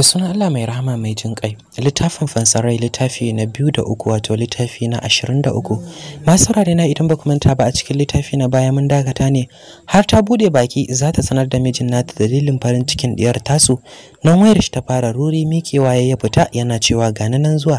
da sunan Allah mai rahama mai jin kai littafin fansarai littafi na biyu da uku wato littafi na ashirin da uku masu na idan ba manta ba a cikin littafi na baya mun dakata ne har ta bude baki za ta sanar da mijin nata dalilin farin cikin diyar tasu nan wayar shi ta fara ruri mikewa ya fita yana cewa gani nan zuwa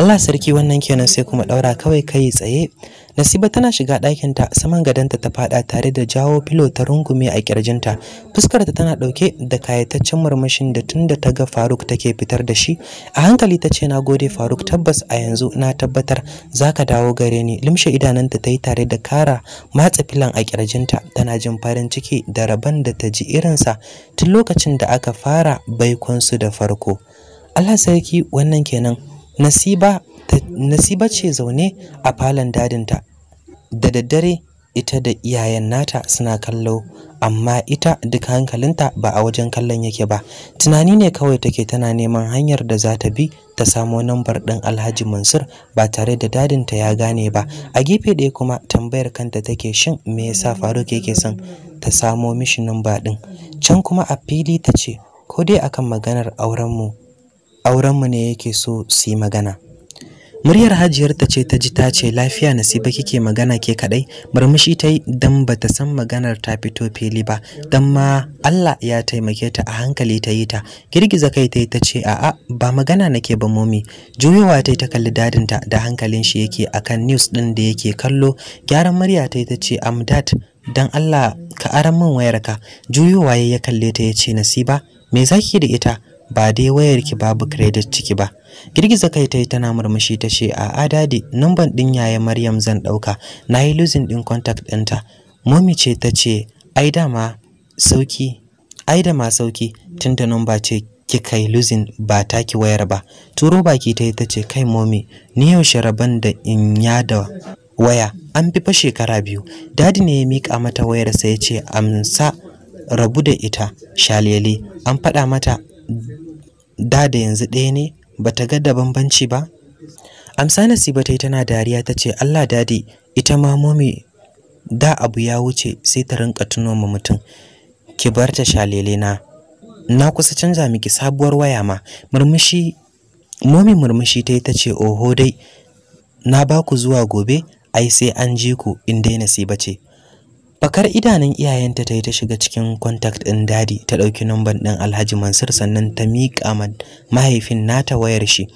Allah sarki wannan kenan sai kuma daura kawai kai tsaye Nasiba tana shiga ɗakinta saman gadonta ta faɗa tare da jawo filo ta rungume a kirjinta fuskarta tana ɗauke da kayataccen murmushin da tunda ta ga Faruk take fitar da shi a hankali tace na gode Faruk tabbas a yanzu na tabbatar zaka dawo gare ni limshe idananta ta yi tare da kara matsa filan a kirjinta tana jin farin ciki da raban da ta ji irinsa tun lokacin da aka fara baikon su da farko Allah sarki wannan kenan nasiba nasiba ce zaune a falon dadinta da daddare ita da iyayen nata suna kallo amma ita duk hankalinta ba a wajen kallon yake ba tunani ne kawai take tana neman hanyar da za ta bi ta samo nambar ɗin alhaji mansur ba tare da dadinta ya gane ba a gefe ɗaya kuma tambayar kanta take shin me yasa faruk yake son ta samo mishi namba ɗin can kuma a fili ta ce ko dai akan maganar auren mu ne yake so su yi magana muryar hajiyar ta ce ta ji ta ce lafiya nasiba kike magana ke kadai murmushi ta yi dan ta san maganar ta fito fili ba dan ma Allah ya taimake ta a hankali ta yi ta girgiza kai ta yi ta ce a'a ba magana nake ba momi juyowa ta yi ta kalli dadin ta da hankalin shi yake akan news din da yake kallo gyaran murya ta yi ta ce amdat dan Allah ka aran min wayarka juyowa ya kalle ta ya ce nasiba me zaki da ita ba dai wayarki babu credit ciki ba girgiza kai ta tana murmushi ta ce a adadi numban ɗin yaya maryam zan ɗauka nayi yi losing ɗin contact ɗinta momi ce ta ce ai dama sauki ai da ma sauki tunda numba ce kika yi losing ba ta ki wayar ba turo baki tai yi ta kai momi ni yaushe rabon da in ya da waya an fi fa shekara biyu dadi ne ya mika mata wayar sai ya ce amsa rabu da ita shalele an faɗa mata da da yanzu ɗaya ne ba ta ga da bambanci ba amsa nasiba ta yi tana dariya ta ce allah dadi ita ma momi da abu ya wuce sai ta rinka tuno ma mutum ki bar ta shalele na na kusa canza miki sabuwar waya ma murmushi momi murmushi ta yi ta ce oho dai na ba ku zuwa gobe ai sai an ji ku in dai nasiba ce Bakar idanun iyayenta ta yi ta shiga cikin contact ɗin dadi ta ɗauki numban ɗin Alhaji Mansur sannan ta miƙa ma mahaifin nata wayar shi.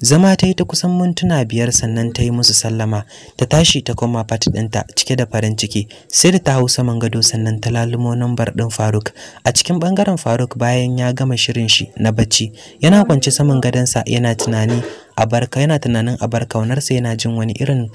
Zama ta yi ta kusan mintuna biyar sannan ta yi musu sallama ta tashi ta koma fat ɗinta cike da farin ciki sai da ta hau saman gado sannan ta lalumo numbar ɗin Faruk. A cikin ɓangaren Faruk bayan ya gama shirin shi na bacci yana kwance saman gadonsa yana tunani a barka yana tunanin a barkaunarsa yana jin wani irin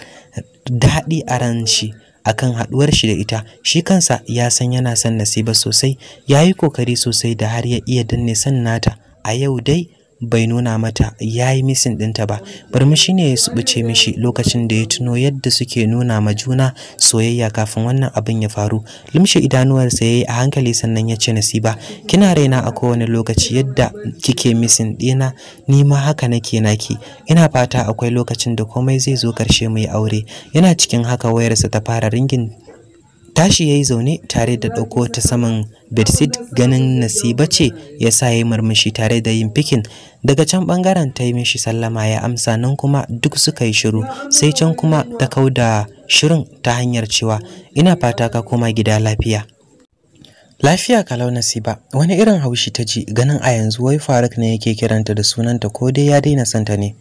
daɗi a ran shi. akan haduwar shi da ita shi kansa ya san yana son Nasiba sosai yayi kokari sosai da har ya iya danne san nata a yau dai bai nuna mata ya yi misin ɗinta ba barmishi ne ya subuce mishi lokacin da ya tuno yadda suke nuna ma juna soyayya kafin wannan abin ya faru limshe idanuwarsa ya yi a hankali sannan ya ce nasiba kina raina a kowane lokaci yadda kike misin ɗina ni ma haka nake naki ina fata akwai lokacin da komai zai zo karshe mu yi aure yana cikin haka wayarsa ta fara ringin tashi yayi zaune tare da ɗauko ta saman bedsheet ganin nasiba ce ya sa yayi murmushi tare da yin fikin daga can bangaren ta yi mishi sallama ya amsa nan kuma duk suka yi shiru sai can kuma ta kauda shirin ta hanyar cewa ina fata ka koma gida lafiya Lafiya ka kalau Nasiba, wani irin haushi ta ji ganin a yanzu wai Faruk ne yake kiranta da sunanta ko dai ya daina santa ne.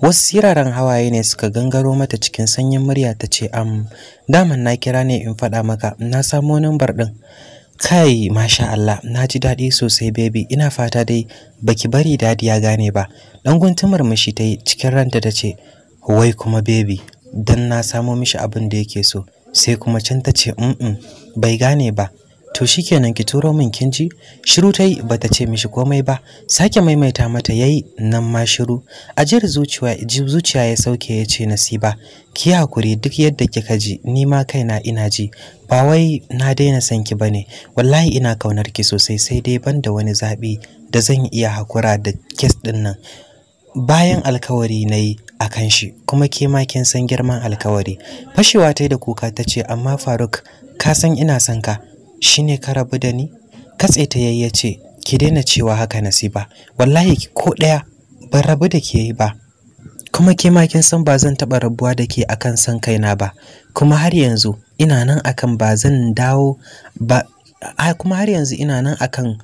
Wasu siraran hawaye ne suka gangaro mata cikin sanyin murya ta ce am daman na kira ne in faɗa maka na samo nambar ɗin. Kai masha Allah na ji daɗi sosai baby ina fata dai baki bari daɗi ya gane ba. Ɗan guntumar mishi ta yi cikin ranta ta ce wai kuma baby Don na samo mishi abin da yake so sai kuma can ta ce bai gane ba. to shikenan ki turo min kinji shiru tai bata ce mishi komai ba sake maimaita mata yayi nan ma shiru ajiyar zuciya zuciya ya sauke ya ce nasiba ki hakuri duk yadda kika ji ni ma kaina ina ji ba wai na daina san ki bane wallahi ina kaunar ki sosai sai dai banda wani zabi da zan iya hakura da kes din nan bayan alkawari nayi yi a kan shi kuma ke ma kin san girman alkawari fashewa ta da kuka ta ce amma faruk ka san ina son ka shine ka rabu da ni katse ta yayya ce ki daina cewa haka nasiba wallahi ko daya ban rabu da ke yi ba kuma ke ma kin san ba zan taba rabuwa da ke akan san kaina ba kuma har yanzu ina nan akan ba zan dawo ba kuma har yanzu ina nan akan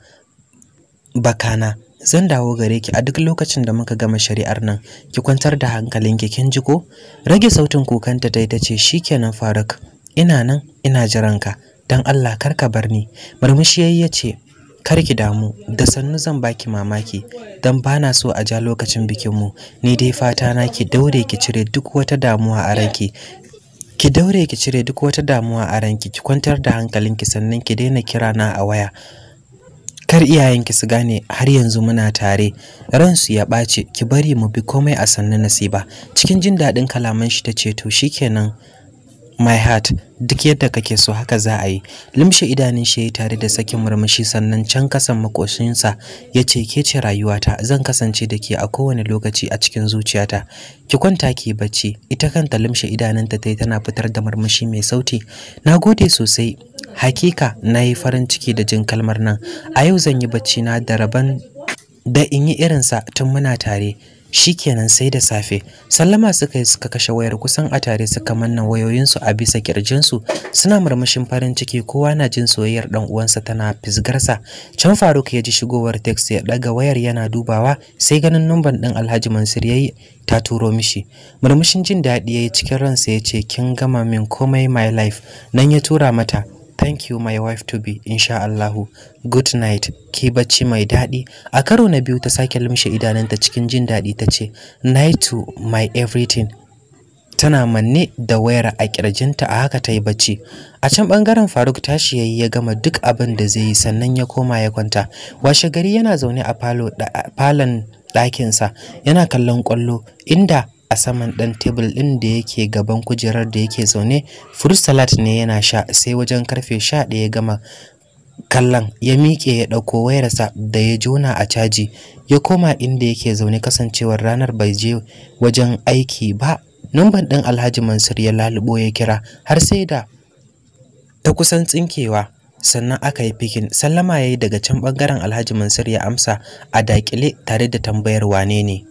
bakana zan dawo gare ki a duk lokacin da muka gama shari'ar nan ki kwantar da hankalinki kin ji ko rage sautin kokanta ta ita ce shikenan Faruk ina nan ina jiranka don Allah kar ka bar ni murmushi yayi ya kar ki damu da sannu zan baki mamaki don bana so a ja lokacin bikin mu ni dai fata na ki daure ki cire duk wata damuwa a ranki ki daure ki cire duk wata damuwa a ranki ki kwantar da hankalinki sannan ki daina kira na a waya kar iyayenki su gane har yanzu muna tare ransu ya ɓace, ki bari mu bi komai a sannu nasiba cikin jin daɗin kalaman shi ta ce to shikenan my heart duk yadda kake so haka za a yi limshe idanun shi tare da sakin murmushi sannan can kasan makoshinsa ya ce ke ce rayuwata zan kasance da ke a kowane lokaci a cikin zuciyata ki kwanta ki bacci ita kanta limshe idanunta ta yi tana fitar da murmushi mai sauti na gode sosai hakika na yi farin ciki da jin kalmar nan a yau zan yi bacci na da rabon da in yi irinsa tun muna tare shikenan sai da safe sallama suka yi suka kashe wayar kusan a tare suka manna wayoyinsu a bisa kirjinsu suna murmushin farin ciki kowa na jin soyayyar dan uwansa tana fisgarsa can Faruk ya ji shigowar text ya daga wayar yana dubawa sai ganin numban din Alhaji Mansur yayi ta turo mishi murmushin jin daɗi yayi cikin ransa ya ce kin gama min komai my life nan ya tura mata Thank you my wife to be insha Allahu. Good night. Ki bacci mai daɗi. A karo na biyu ta sake lumshe idananta cikin jin daɗi ta ce, Night to my everything. Tana manne da wayar a kirjinta a haka ta yi bacci. A can bangaren Faruk tashi yayi ya gama duk abin da zai yi sannan ya koma ya kwanta. Washe gari yana zaune a falon ɗakinsa yana kallon kwallo inda a saman ɗan tebul ɗin da yake gaban kujerar da yake zaune fruit salad ne yana sha sai wajen karfe sha ɗaya gama kallon ya miƙe ya ɗauko wayarsa da ya jona a caji ya koma inda yake zaune kasancewar ranar bai je wajen aiki ba numban ɗin alhaji mansur ya lalubo ya kira har sai da ta kusan tsinkewa sannan aka yi fikin sallama ya yi daga can ɓangaren alhaji mansur ya amsa a daƙile tare da tambayar wane ne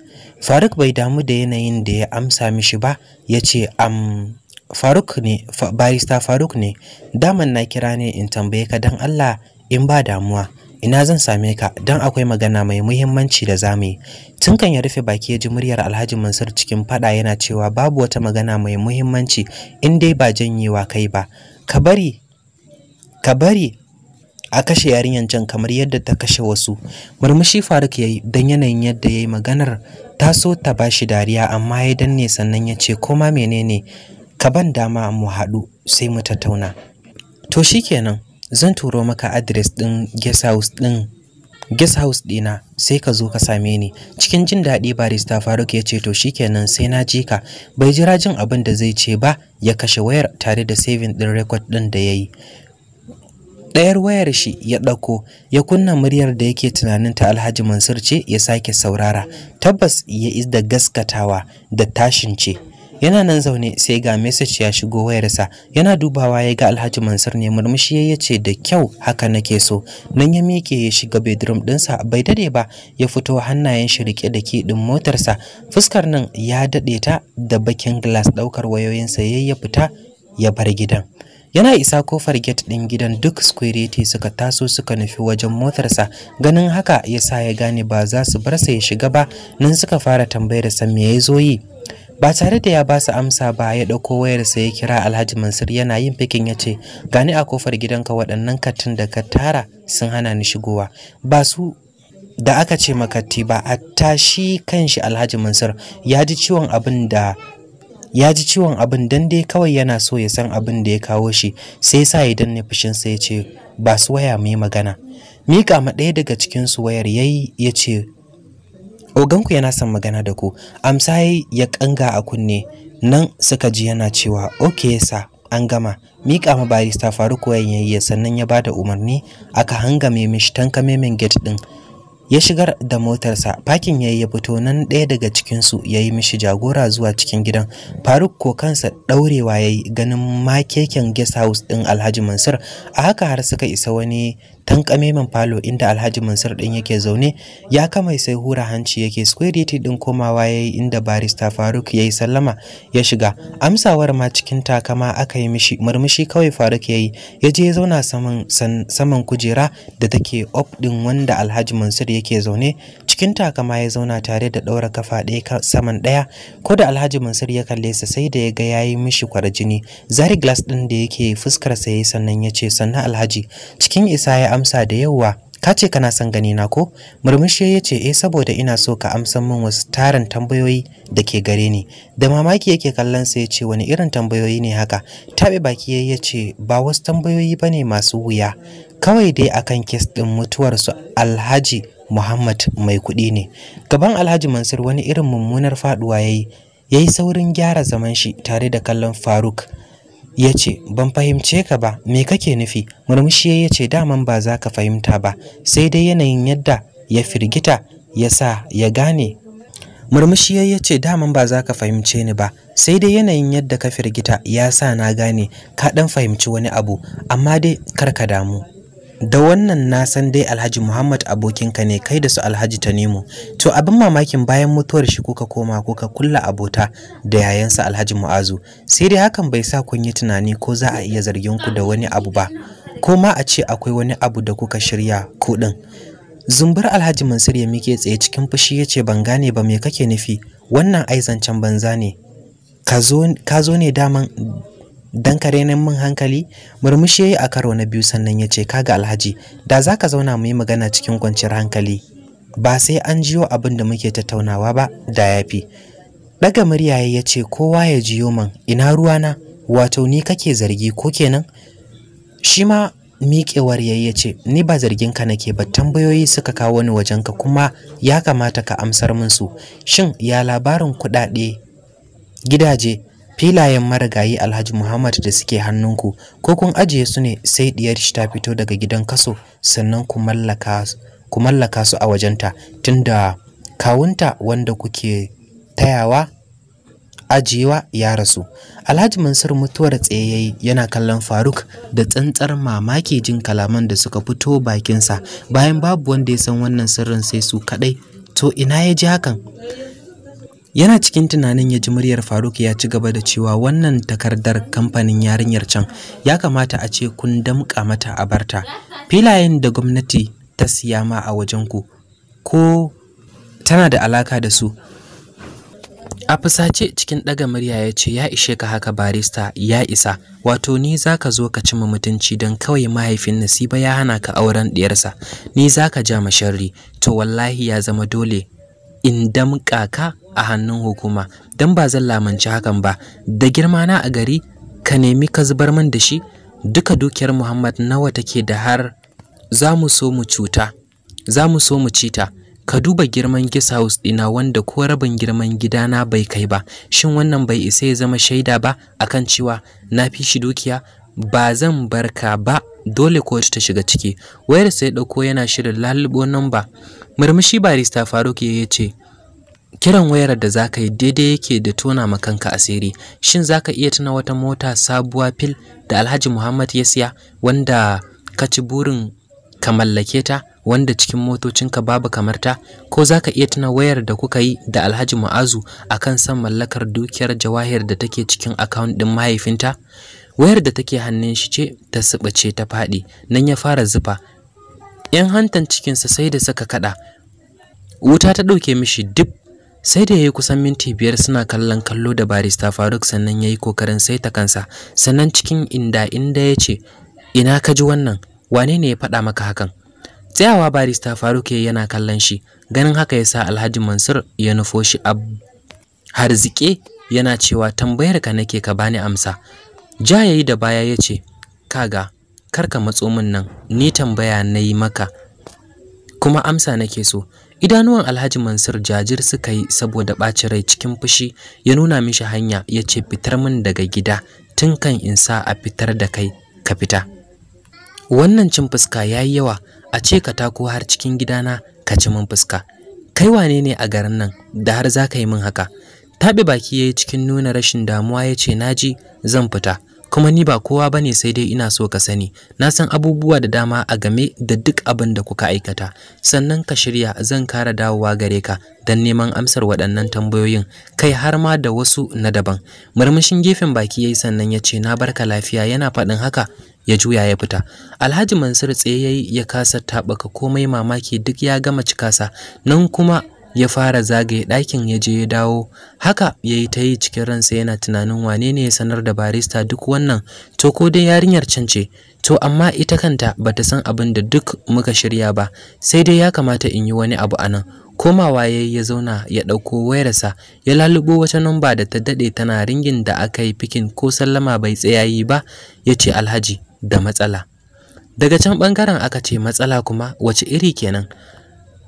Faruk bai damu da yanayin da ya amsa mishi ba ya ce am Faruk ne barista Faruk ne daman na kira ne in tambaye ka dan Allah in ba damuwa ina zan same ka dan akwai magana mai muhimmanci da zamu yi tun kan ya rufe baki ya ji muryar Alhaji Mansur cikin fada yana cewa babu wata magana mai muhimmanci in dai ba janyewa kai ba ka bari ka bari a kashe yarinyar can kamar yadda ta kashe wasu murmushi faruk ya yi don yanayin yadda ya yi maganar ta so ta ba shi dariya amma ya danne sannan ya ce koma menene ka ban dama mu haɗu sai mu tattauna to shikenan zan turo maka adres ɗin guest house ɗin guest house ɗina sai ka zo ka same ni cikin jin daɗi barista faruk ya ce to shikenan sai na ji ka bai jira jin abin da zai ce ba ya kashe wayar tare da saving ɗin record ɗin da ya yi ɗayar wayar shi ya ɗauko ya kunna muryar da yake tunanin ta alhaji mansur ce ya sake saurara tabbas ya is da gaskatawa da tashin ce yana nan zaune sai ga message ya shigo wayarsa yana dubawa ya ga alhaji mansur ne murmushi ya ce da kyau haka nake so nan ya miƙe ya shiga bedroom ɗinsa bai daɗe ba ya fito hannayen shi rike da ke ɗin motarsa fuskar nan ya daɗe ta da bakin glass ɗaukar wayoyinsa ya ya fita ya bar gidan yana isa kofar gate ɗin gidan duk security suka taso suka nufi wajen motarsa ganin haka ya sa ya gane ba za su bar sa ya shiga ba nan suka fara tambayar sa me ya zo yi ba tare da ya ba su amsa ba ya ɗauko wayarsa ya kira alhaji mansur yana yin fikin ya ce gani a kofar gidanka waɗannan katin da ka tara sun hana ni shigowa ba su da aka ce makatti ba a tashi kanshi alhaji mansur ya ji ciwon abin da ya ji ciwon abin dan dai kawai yana so ya san abin da ya kawo shi sai sa ya danne fushin sai ya ce ba su waya mai magana mika ma ɗaya daga cikin su wayar yayi ya ce oganku yana son magana da ku amsa ya kanga a kunne nan suka ji yana cewa "Oke, sa an gama mika ma barista faru yayi sannan ya bada umarni aka hangame mishi tankame min gate din ya shigar da motarsa fakin yayi ya fito nan ɗaya daga cikinsu ya yi mishi jagora zuwa cikin gidan faruk ko kansa ɗaurewa ya yi ganin makeken guest house ɗin alhaji mansur a haka har suka isa wani tankame man falo inda Alhaji Mansur din yake zaune ya kama sai hura hanci yake security din komawa yayi inda barista Faruk yayi sallama ya shiga amsawar ma cikin takama aka yi mishi murmushi kawai Faruk yayi ya je zauna saman saman kujera da take op din wanda Alhaji Mansur yake zaune cikin takama ya zauna tare da ɗaura kafa ɗaya saman ɗaya ko da alhaji mansur ya kalle sa sai da ya ga ya yi mishi kwarjini zari glass ɗin da yake fuskar sa yayi sannan ya ce sannan alhaji cikin isa ya amsa da yawa ka ce kana son gani na ko murmushi ya ce eh saboda ina so ka amsa min wasu tarin tambayoyi da ke gare ni da mamaki yake kallon sa ya ce wani irin tambayoyi ne haka taɓe baki ya ce ba wasu tambayoyi bane masu wuya kawai dai akan kes ɗin mutuwar su alhaji Muhammad mai kuɗi ne. Gaban Alhaji Mansur wani irin mummunar faduwa yayi. yi saurin gyara zaman shi tare da kallon Faruk. Ya ce, Ban fahimce ka ba, me kake nufi? Murmushi ya ce, Daman ba za ka fahimta ba, sai dai yanayin yadda ya firgita ya sa ya gane. Murmushi ya ce, Daman ba za ka fahimce ni ba, sai dai yanayin yadda ka firgita ya sa na gane, ka ɗan fahimci wani abu, amma dai kar ka damu. da wannan na san dai Alhaji Muhammad abokinka ne kai da su Alhaji Tanimu to abin mamakin bayan mutuwar shi kuka koma kuka kulla abota da yayansa Alhaji Mu'azu sai dai hakan bai sa kun yi tunani ko za a iya zargin ku da wani abu ba ko ma a ce akwai wani abu da kuka shirya ku din Zumbar Alhaji Mansur ya mike tsaye cikin fushi ya ce ban gane ba me kake nufi wannan ai zancen banza ne ka zo ne daman dan kare renin min hankali murmushi yayi a karo na biyu sannan ya ce kaga alhaji da zaka zauna mu yi magana cikin kwanciyar hankali ba sai an jiyo abin da muke tattaunawa ba da yafi daga murya ya ce kowa ya jiyo man ina ruwa na? wato ni kake zargi ko kenan shi ma miƙewar yayi ya ce ni ba zargin ka nake ba tambayoyi suka kawo ni wajenka kuma ya kamata ka amsar min su shin ya labarin kuɗaɗe gidaje filayen marigayi Alhaji Muhammad da suke hannunku ko kun ajiye su ne sai diyar shi ta fito daga gidan kaso sannan ku mallaka su a wajenta tunda kawunta wanda kuke tayawa ajiyewa ya rasu Alhaji Mansur mutuwar tsayayi yana kallon Faruk da tsantsar mamaki jin kalaman da suka fito bakinsa bayan babu wanda ya san wannan sirrin sai su kadai to ina ya ji hakan yana cikin tunanin ya ji muryar faruk ya ci gaba da cewa wannan takardar kamfanin yarinyar can ya kamata a ce kun damƙa mata a barta filayen da gwamnati ta siya ma a wajenku ko tana da alaka da su a fusace cikin ɗaga murya ya ce ya ishe ka haka barista ya isa wato ni za ka zo ka ci mutunci don kawai mahaifin nasiba ya hana ka auren ɗiyarsa ni za ka ja masharri to wallahi ya zama dole in damƙa ka a hannun hukuma don ba zan lamunci hakan ba da girma na a gari ka nemi ka zubar min da shi duka dukiyar Muhammad nawa take da har za mu so mu cuta za mu so mu cita ka duba girman gisa house dina wanda ko rabin girman gidana bai kai ba shin wannan bai isa ya zama shaida ba akan cewa na fi shi dukiya ba zan barka ba dole kotu ta shiga ciki wayar sai dauko yana shirin lalubo ba murmushi barista Faruk ya ce kiran wayar da zaka yi daidai yake da tona ma kanka asiri shin zaka iya tuna wata mota sabuwa fil da Alhaji Muhammad ya siya wanda ka ci burin ka mallake ta wanda cikin motocin ka babu kamar ta ko zaka iya tuna wayar da kuka yi da Alhaji Mu'azu kan san mallakar dukiyar jawahir da take cikin account ɗin mahaifinta wayar da take hannun shi ce ta subace ta faɗi, nan ya fara zufa yan hantan cikinsa sai da saka kaɗa. wuta ta ɗauke mishi duk sai da ya yi kusan minti biyar suna kallon kallo da barista faruk sannan ya yi kokarin saita kansa sannan cikin inda inda ya ce ina ka ji wannan wane ne ya faɗa maka hakan tsayawa barista faruk ya yana kallon shi ganin haka ya sa alhaji mansur ya nufo shi a harzike yana cewa tambayar ka nake ka bani amsa ja ya yi da baya ya ce kaga kar ka matso min nan ni tambaya na yi maka kuma amsa nake so Idanuwan Alhaji Mansur jajir suka yi saboda ɓacin rai cikin fushi ya nuna mishi hanya ya ce fitar min daga gida tun kan in sa a fitar da kai ka fita. Wannan cin fuska ya yi yawa a ce ka tako har cikin gidana ka ci min fuska. Kai wane ne a garin nan da har za ka yi min haka? Taɓe baki ya yi cikin nuna rashin damuwa ya ce naji zan fita. kuma ni ba kowa bane sai dai ina so ka sani na san abubuwa da dama a game da duk abin da kuka aikata sannan ka shirya zan kara dawowa gare ka dan neman amsar waɗannan tambayoyin kai har ma da wasu na daban murmushin gefen baki yayi sannan ya ce na barka lafiya yana faɗin haka ya juya ya fita alhaji mansur tsaye ya kasa taɓaka komai mamaki duk ya gama cikasa nan kuma ya fara zagaye ɗakin ya je ya dawo haka ya yi ta yi cikin ransa yana tunanin wane ne ya sanar da barista duk wannan to ko dai yarinyar cance to amma ita kanta bata san abin da duk muka shirya ba sai dai ya kamata in yi wani abu anan komawa ya ya zauna ya ɗauko wayarsa ya lalubo wata namba da ta daɗe tana ringin da aka yi fikin ko sallama bai tsaya yi ba ya ce alhaji da matsala daga can ɓangaren aka ce matsala kuma wace iri kenan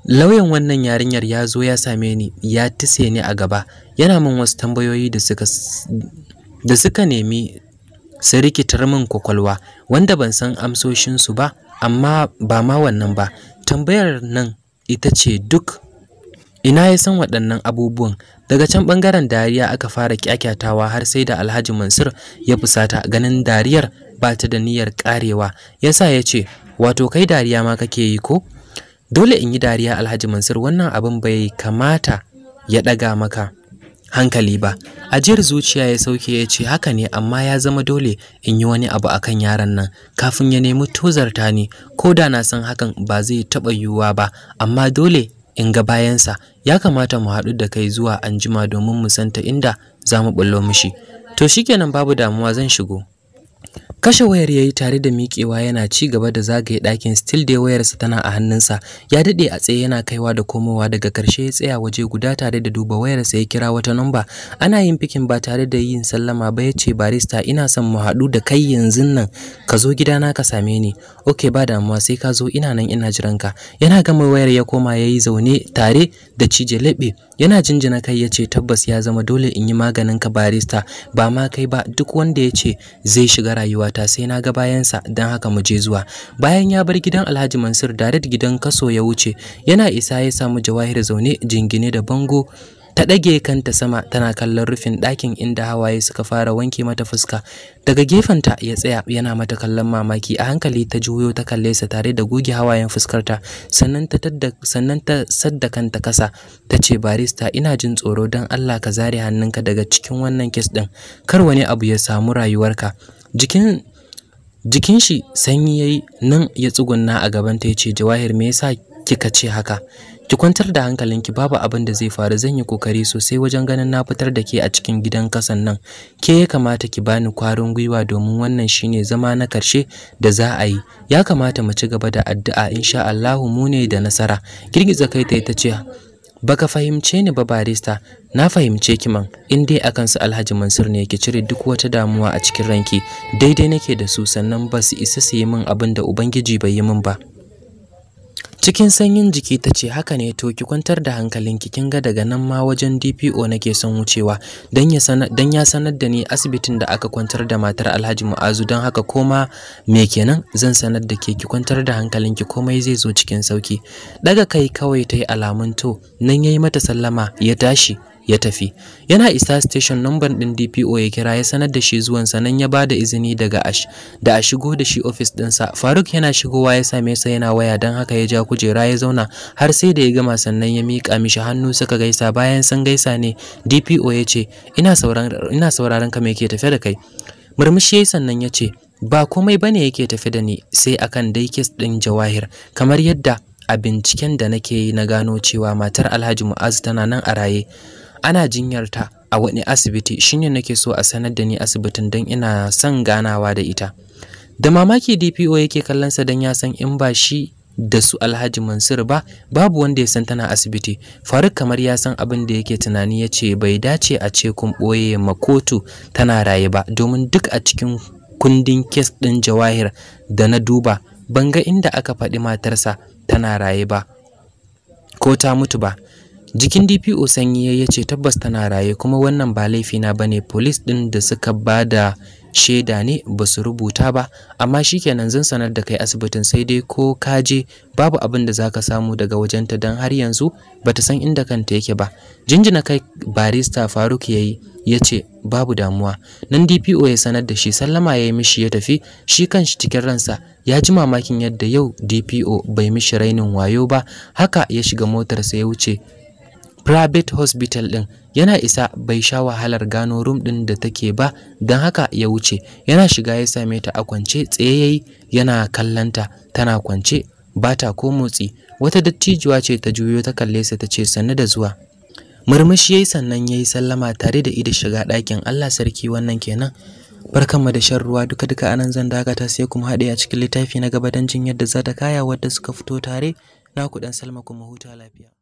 lauyan wannan yarinyar ya zo ya same ni ya tise ni a gaba yana min wasu tambayoyi da suka da suka nemi su rikitar min kwakwalwa wanda ban san amsoshinsu ba amma ba ma wannan ba tambayar nan ita ce duk ina ya san waɗannan abubuwan daga can ɓangaren dariya aka fara kyakyatawa har sai da alhaji mansur ya fusata ganin dariyar ba ta da niyyar karewa yasa ya ce wato kai dariya ma kake yi ko dole in yi dariya alhaji mansur wannan abin bai kamata ya ɗaga maka hankali ba ajiyar zuciya ya sauke ya ce haka ne amma ya zama dole in yi wani abu a kan yaran nan kafin ya nemi tozarta ni ko da na san hakan ba zai taɓa yiwuwa ba amma dole in ga bayansa ya kamata mu haɗu da kai zuwa anjima domin mu santa inda za mu ɓullo mishi to shikenan babu damuwa zan shigo kashe wayar yayi tare da miƙewa yana ci gaba da zagaye ɗakin still dai wayarsa tana a hannunsa ya daɗe a tsaye yana kaiwa da komowa daga ƙarshe ya tsaya waje guda tare da duba wayarsa ya kira wata namba ana yin fikin ba tare da yin sallama ba ya ce barista ina son mu haɗu da kai yanzu nan ka zo gidana ka same ni ok ba damuwa sai ka zo ina nan ina jiranka yana gama wayar ya koma ya yi zaune tare da cije laɓe yana jinjina kai ya ce tabbas ya zama dole in yi maganin ka barista ba ma kai ba duk wanda yace zai shiga rayuwata sai na ga bayansa don haka mu je zuwa bayan ya bar gidan alhaji mansur direct gidan kaso ya wuce yana isa ya samu jawahir zaune jingine da bango ta ɗage kanta sama tana kallon rufin ɗakin inda hawaye suka fara wanke mata fuska daga gefenta ya tsaya yana mata kallon mamaki a hankali ta juyo ta kalle sa tare da goge hawayen fuskarta sannan ta tadda sannan ta sadda kanta kasa ta ce barista ina jin tsoro don Allah ka zare hannunka daga cikin wannan kes ɗin kar wani abu ya samu rayuwarka jikin jikin shi sanyi yayi nan ya tsugunna a gabanta ya ce jawahir me yasa kika ce haka Ki kwantar da hankalinki babu abin da zai faru zan yi kokari sosai wajen ganin na fitar da ke a cikin gidan kasan nan. Ke ya kamata ki bani kwarin gwiwa domin wannan shine zama na karshe da za a yi. Ya kamata mu ci gaba da addu'a insha Allah mu ne da nasara. Girgiza kai ta ce baka fahimce ni ba barista na fahimce ki man in dai akan su Alhaji Mansur ne yake cire duk wata damuwa a cikin ranki daidai nake da su sannan ba su isa su yi min abin da ubangiji bai yi min ba Cikin sanyin jiki ta ce haka ne to ki kwantar da hankalinki kin ga daga nan ma wajen DPO nake son wucewa dan ya sanar dan ya sanar da ni asibitin da aka kwantar da matar Alhaji Mu'azu dan haka koma me kenan zan sanar da ke ki kwantar da hankalinki komai zai zo cikin sauki. Daga kai kawai ta alamun to nan yayi mata sallama ya tashi ya tafi yana isa station number din DPO ya kira ya sanar da shi zuwan sanan ya bada izini daga ash da a shigo da shi office ɗinsa' Faruk yana shigowa ya same sa yana waya dan haka ya ja kujera ya zauna har sai da ya gama sannan ya mika mishi hannu suka gaisa bayan sun gaisa ne DPO ya ce ina sauraron ina sauraron ka me ke tafe da kai murmushi yayi sannan ya ce ba komai bane yake tafe da ni sai akan dai kes din Jawahir kamar yadda a binciken da nake yi na gano cewa matar Alhaji Mu'az tana nan a raye ana jinyarta a wani asibiti shine nake so a sanar da ni asibitin don ina son ganawa da ita da mamaki DPO yake kallonsa don ya san in ba shi da su Alhaji Mansur ba babu wanda ya san tana asibiti Faruk kamar ya san abin da yake tunani ya ce bai dace a ce kun ɓoye makotu tana raye ba domin duk a cikin kundin kes ɗin jawahir da na duba banga inda aka faɗi matarsa tana raye ba ko ta mutu ba Jikin DPO Sanyi ya ce tabbas tana raye kuma wannan ba laifina ba ne police ɗin da suka ba da shaida ne ba su rubuta ba amma shikenan zan sanar da kai asibitin sai dai ko ka je babu abin da zaka samu daga wajenta dan har yanzu bata san inda kanta yake ba jinjina kai barista Faruk yayi ya ce babu damuwa nan DPO ya sanar da shi sallama ya yi mishi ya tafi shi kanshi cikin ransa ya ji mamakin yadda yau DPO bai mishi rainin wayo ba haka ya shiga motarsa ya wuce private hospital din yana isa bai sha wahalar gano room din da take ba don haka ya wuce yana shiga ya same ta a kwance tsayayi yana kallanta tana kwance ba ta ko motsi wata dattijuwa ce ta juyo ta kalle sa ta ce sannu da zuwa murmushi yayi sannan yayi sallama tare da ida shiga ɗakin Allah sarki wannan kenan barkanmu da shan ruwa duka duka anan zan dakata sai kuma haɗe a cikin littafi na gaba don jin yadda za ta kaya wadda suka fito tare na ku dan Salma kuma huta lafiya